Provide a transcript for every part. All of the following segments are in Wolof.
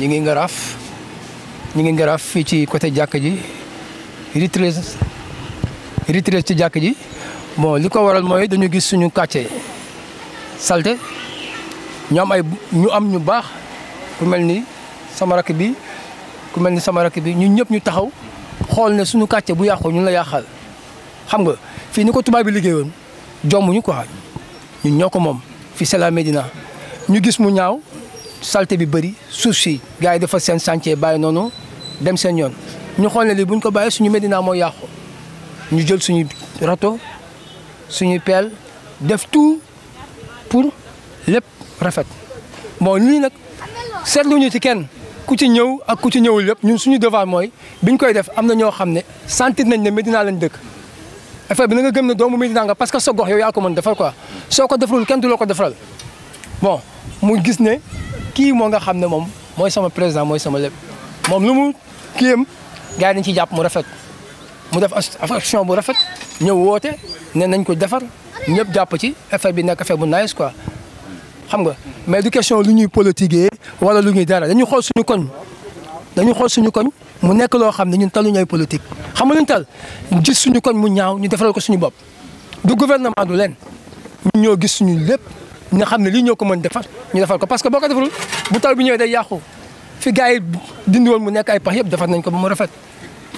ñu ngi ngaraaf ñu ngi ngaraaf fii ci côté jàkk ji retraite retraite ci jàkk ji bon li ko waral mooy dañu gis suñu quartier salte ñu am ñu am ñu baax ku mel ni sama rakk bi ku mel ni sama rakk bi ñun ñëpp ñu taxaw xool ne suñu quartier bu yàqoo ñu la yàqal xam nga fii ni ko tubaab bi liggéeyoon jomb ñu quoi ñun ñoo ko moom. fi c'est la ñu gis mu ñaaw salte bi bëri suuf si gars yi dafa seen chantier bàyyi noonu dem seen ñoon ñu xool ne lii bu ñu ko bàyyi suñu Médina mooy yàqu ñu jël suñu rato suñu peel def tout pour lépp rafet moo lii nag seetluñu ci kenn ku ci ñëw ak ku ci ñëwul lépp ñu suñu devoir mooy biñ koy def am na ñoo xam ne sentir nañ ne Médina lañ dëkk affaire bi na nga gëm ne doomu Médina nga parce que sa gox yow yaa ko mën defal quoi soo ko defalul kenn du la ko defaral bon mu gis ne kii moo nga xam ne moom mooy sama président mooy sama lépp moom lu mu kiyam gars yi ci jàpp mu rafet mu def action bu rafet ñëw woote ne nañ ko defar ñëpp jàpp ci affaire bi nekk fee bu nice quoi xam nga mais du question lu ñuy politiquer wala lu ñuy dara dañuy xool suñu koñ dañuy xool suñu koñ mu nekk loo xam ne ñun talu ñooy politique xam nga ñun tal gis suñu kon mu ñaaw ñu defaral ko suñu bopp du gouvernement du leen ñun ñoo gis suñu lépp nga xam ne lii ñoo ko mën defar ñu defar ko parce que boo ko defarul bu taw bi ñëwee day yàqu fi gars yi dindi woon mu nekk ay pax yëpp defar nañ ko ba mu rafet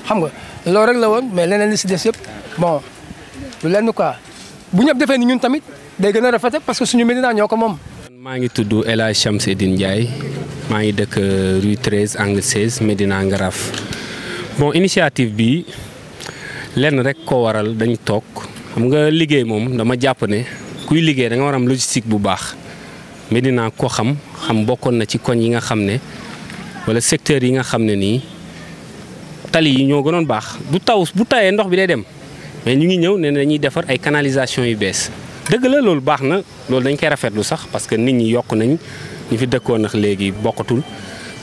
xam nga loolu rek la woon mais leneen li si des yëpp bon du leen quoi bu ñëpp defee ni ñun tamit day gën a rafet parce que suñu Médina ñoo ko moom. maa ngi tudd El Hadj Chamsidine Ndiaye maa ngi dëkk euh, rue 13 angle 16 Médina Ngaraaf bon initiative bi lenn rek ko waral dañ toog xam nga liggéey moom dama jàpp ne kuy liggéey danga nga war am logistique bu baax Médina ko xam xam bokkoon na ci koñ yi nga xam ne wala secteur yi nga xam ne nii tali yi ñoo gënoon baax bu taw bu tawee ndox bi day dem mais ñu ngi ñëw ne dañuy defar ay canalisation yu bees dëgg la loolu baax na loolu dañ koy rafetlu sax parce que nit ñi yokk nañ ñi fi dëkkoon nag léegi bokkatul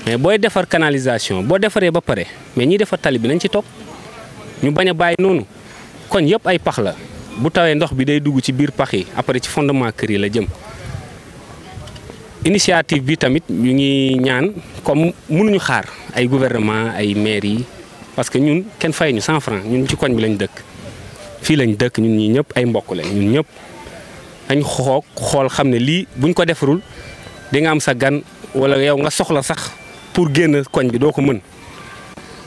mais booy defar canalisation boo defaree ba pare mais ñiy defar tali bi nañ ci topp ñu bañ a bàyyi noonu koñ yëpp ay pax la bu tawee ndox bi day dugg ci biir pax yi après ci fondement kër yi la jëm. initiative bi tamit ñu ngi ñaan comme munuñu xaar ay gouvernement ay maires yi parce que ñun kenn fay ñu cent franc ñun ci koñ bi lañ dëkk fii lañ dëkk ñun ñi ñëpp ay mbokk la ñun ñëpp dañ xoog xool xam ne lii buñ ko defarul. di nga am sa gan wala yow nga soxla sax pour génn koñ bi doo ko mën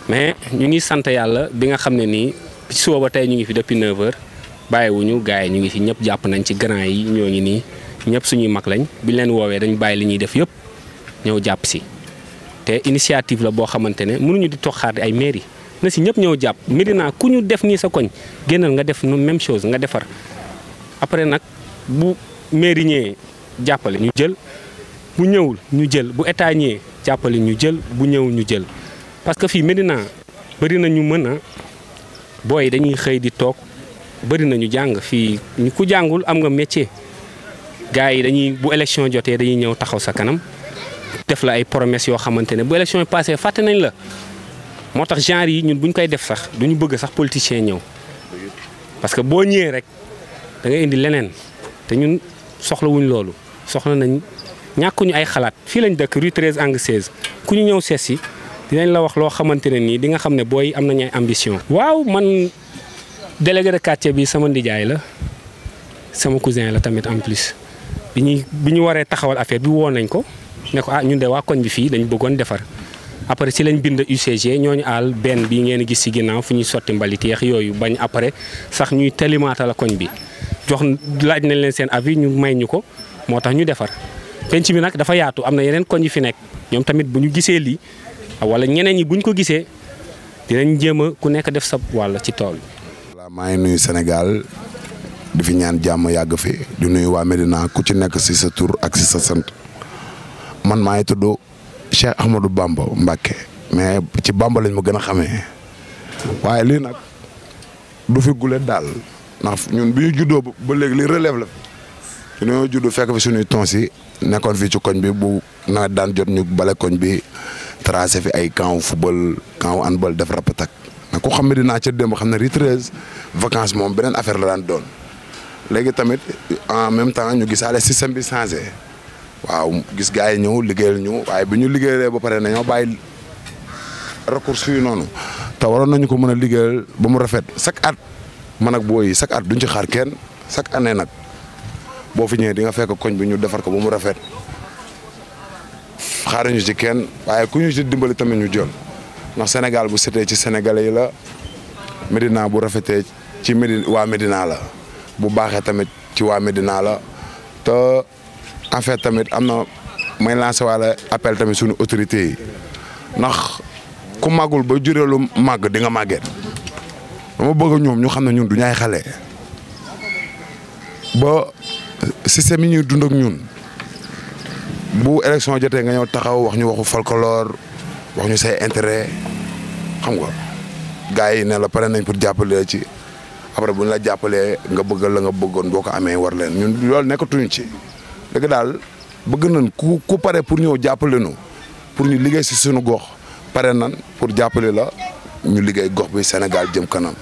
mais ñu ngi sant yàlla bi nga xam ne nii suba ba tey ñu ngi fi depuis 9 heures bàyyiwuñu gars yi ñu ngi fi ñëpp jàpp nañ ci grand yi ñoo ngi nii ñëpp suñuy mag lañ biñ leen woowee dañu bàyyi li ñuy def yëpp ñëw jàpp si te initiative la boo xamante ne mënuñu di toog xaar ay mairie na si ñëpp ñëw jàpp Médina ku ñu def nii sa koñ génnal nga def nu même chose nga defar après nag bu mairie ñëwee jàppale ñu jël bu ñëwul ñu jël bu état ñëwee jàppale ñu jël bu ñëwul ñu jël parce que fii Médina bëri na ñu mën a booy dañuy xëy di toog bëri na ñu jàng fii ñu ku jàngul am nga métier gars yi dañuy bu élection jotee dañuy ñëw taxaw sa kanam def la ay promesses yoo xamante ne bu élection yi passé fàtte nañ la moo tax genre yi ñun bu ñu koy def sax du ñu bëgg sax politicien ñëw parce que boo ñëwee rek da ngay indi leneen te ñun soxlawuñ loolu soxla nañ. ñu ay xalaat fi lañ dëkk rue 13 ang 16 ku ñu ñëw sees si dinañ la wax lo xamantene ni di nga xamne boy am nañ ay ambition. waaw man délégué de quartier bi sama ndijay la sama cousin la tamit en plus bi ñuy bi ñu waree taxawal affaire bi nañ ko ne ko ah ñun de wa koñ bi fi dañ bëggoon defar. après ci lañ bind UCG ñooñu al ben bi ngeen gis ci ginnaaw fu ñuy sotti mbalit yeex yoyu bañ après sax ñuy talimaata la koñ bi jox laaj nañ leen seen avis ñu may ñuko ko ñu defar. penc bi nag dafa yaatu am na yeneen koñ yi fi nekk ñoom tamit bu ñu gisee lii wala ñeneen yi bu ñu ko gisee dinañ jéem a ku nekk def sa walla ci tool bi. voilà maa ngi nuyu Sénégal di fi ñaan jàmm yàgg fi di nuyu waa Medina ku ci nekk si sa tur ak si sa sant man maa ngi tudd Cheikh Ahmadou Bamba Mbacké mais ci bàmb lañ ma gën a xame waaye lii nag du fi gule daal ndax ñun bi ñu juddoo ba léegi li relève la ñu juddoo fekk fi suñuy tons nekkoon fii ci koñ bi bu nawet daan jot ñu bale koñ bi tracé fi ay camp football camp handball def rapatak nag ku xam naa dinaa ca démb xam ne Rue 13 moom beneen affaire la daan doon léegi tamit en même temps ñu gisaale système bi changé waaw gis gars yi ñëw liggéeyal ñu waaye bi ñu liggéeyalee ba pare nañoo bàyyi recours yu noonu te waroon nañu ko mën a liggéeyal ba mu rafet chaque at man nag booy yi chaque at duñ ci xaar kenn chaque année nag. boo fi ñëwee di nga fekk koñ bi ñu defar ko ba mu rafet xaaruñu kenn waaye ku ñu ci dimbali tamit ñu jël ndax Sénégal bu setee ci sénégalais la Médina bu rafetee ci Médina waa Médina la bu baaxee tamit ci waa Médina la te en fait tamit am na may lancer wala appel tamit suñu autorités yi ndax ku màggul ba jureelu màgg di nga màgget dama bëgg ñoom ñu xam ne ñun du ñaay xale ba système yi ñuy dund ak ñun bu élection jotee nga ñëw taxaw wax ñu waxu folklore wax ñu say intérêt xam nga gars yi ne la pare nañ pour jàppale ci après bu ñu la jàppalee nga bëgg la nga bëggoon boo ko amee war leen ñun loolu nekkatuñu ci. dëgg daal bëgg nañ ku ku pare pour ñëw jàppale nu pour ñu liggéey si sunu gox pare nan pour jàppale la ñu liggéey gox bi Sénégal jëm kanam.